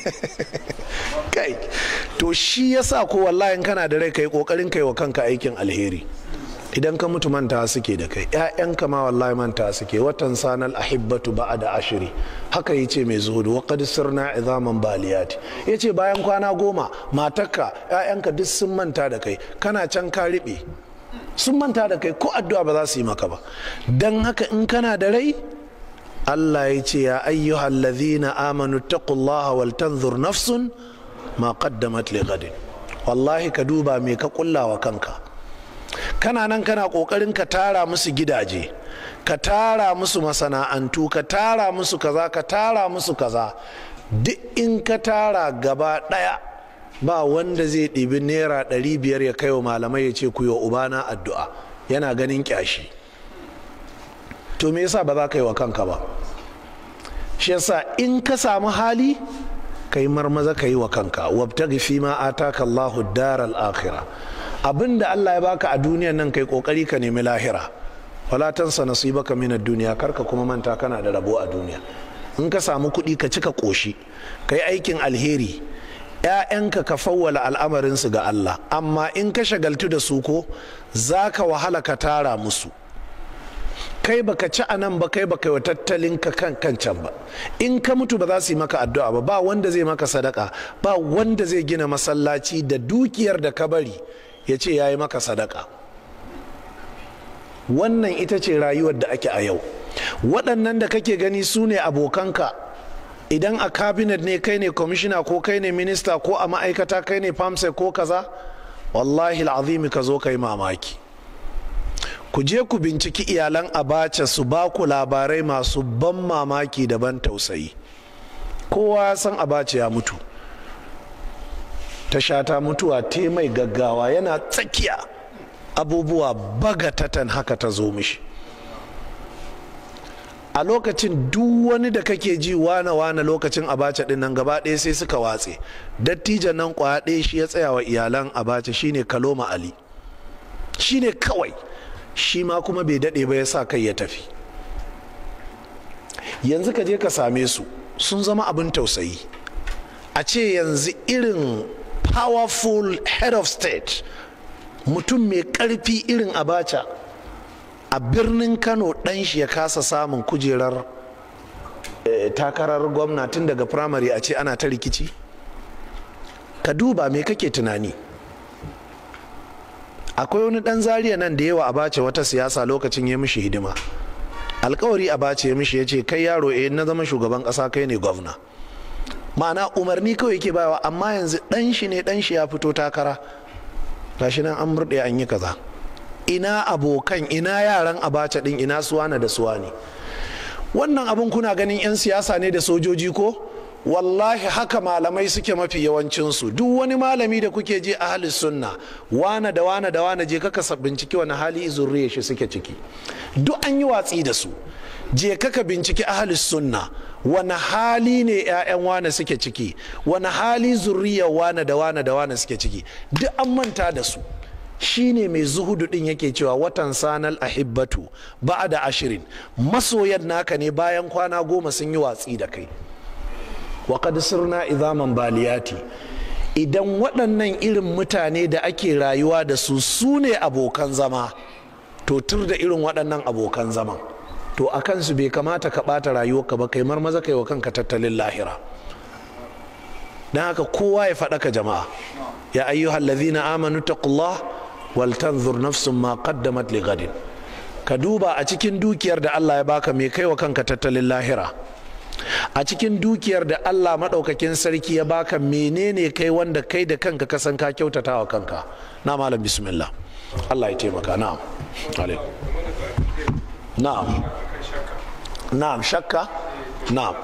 kai to shi yasa ko wallahi in kana da rai kai kokarin kai wa kanka aikin alheri idan ka mutu manta suke da kai ƴaƴanka ma wallahi manta suke watan sanal ahibbatu da ashiri haka yace mai zuhudu wa qad sirna izaman baliyati yace bayan kwana goma matarka ƴaƴanka duk sun manta da kai kana can ka riɓe sun manta da kai ko addu'a ba za su yi maka ba dan haka in kana da rai Allah ya ce ya ayyuhal ladhina amanu taqullaha wal tanzur nafsun ma qaddamat li ghadin wallahi ka duba me ka kullawa kanka kana nan kana kokarin ka tara musu gidaje ka tara musu masana'antu ka tara musu kaza ka tara musu kaza duk in ka tara gaba daya ba wanda zai ɗibi naira ɗari biyar ya kai wa malamai ya ce ku yi ubana addu'a yana ganin ƙyashi. to me yasa ba za ka yi wa kanka ba shi yasa in ka samu hali kai marmaza ka yi wa kanka wabtagi fi ma ataka Allahu al akhirah abinda Allah ya baka a duniyan nan kai kokari ka nemi lahira wala tansa nasibaka min ad-dunya karka kuma manta kana da rabo a duniya in ka samu kuɗi ka cika koshi kai aikin alheri ‘ya'yanka ka fawwala al'amarinsu ga Allah amma in ka shagaltu da su ko za ka wahala ka tara musu kai baka ci a nan ba kai baka yi wa tattalin ka kan can ba in ka mutu ba za su yi maka addu'a ba ba wanda zai maka sadaka ba wanda zai gina masallaci da dukiyar da ka bari ya ce ya yi maka sadaka wannan ita ce rayuwar da ake a yau waɗannan da kake gani su ne abokanka idan a kabinet ne kai ne kwamishina ko kai ne minista ko a ma'aikata kai ne famsa ko kaza wallahi al'azimi ka zo ka yi mamaki ku je ku binciki iyalan abacha su ba ku labarai masu ban mamaki da ban tausayi kowa ya san abacha ya mutu ta sha ta mutuwa te mai gaggawa yana tsakiya abubuwa bagatatan haka ta zo mishi a lokacin duk wani da kake ji wana wana lokacin abacha din nan gaba ɗaya sai suka watse dattijan nan kwaya ɗaya shi ya tsaya wa iyalan abacha shine kaloma ali shine kawai shi ma kuma bai daɗe ba ya sa kai ya tafi yanzu ka je ka same su sun zama abin tausayi a ce yanzu irin powerful head of state mutum mai ƙarfi irin abacha a birnin kano ɗan shi ya kasa samun kujerar eh, takarar gwamna tun daga firamare a ce ana ta rikici ka duba me kake tunani akwai wani dan zariya nan da yawa abace wata siyasa lokacin ya mishi hidima alkawari abace ya mishi ya ce kai yaro eh na zama shugaban kasa kai ne gwamna ma'ana umarni kawai yake bayawa amma yanzu dan shi ne dan shi ya fito takara gashi nan an murɗe an yi kaza ina abokan ina yaran abace din ina suwana da suwani wannan abun kuna ganin 'yan siyasa ne da sojoji ko wallahi haka malamai suke mafi yawancinsu duk wani malami da kuke je halin sunna wana da wana da wana je kaka binciki wani hali zurriya shi suke ciki duk an yi watsi da su je kaka binciki halin sunna wani hali ne 'ya'yan wana suke ciki wani hali zurriya wana da wana da wana suke ciki duk an manta da su shine mai zuhudu din yake cewa watan sanal ahibbatu ba'a da ashirin masoyan naka ne bayan kwana goma sun yi watsi da kai wa qad sirna baliyati idan waɗannan irin mutane da ake rayuwa da su su ne abokan zama to tur da irin waɗannan abokan zama to a kansu bai kamata ka ɓata rayuwa ka ba kai marmaza kai wa kanka tattalin lahira don haka kowa ya faɗa ka jama'a ya hallazi na amanu taqullah wal tanzur nafsun ma qaddamat li ka duba a cikin dukiyar da Allah ya baka mai kai wa kanka tattalin lahira a cikin dukiyar da Allah maɗaukakin sarki ya baka menene kai wanda kai da kanka ka san ka kyautata wa kanka na malam bismillah Allah ya taimaka na'am na'am na'am shakka na'am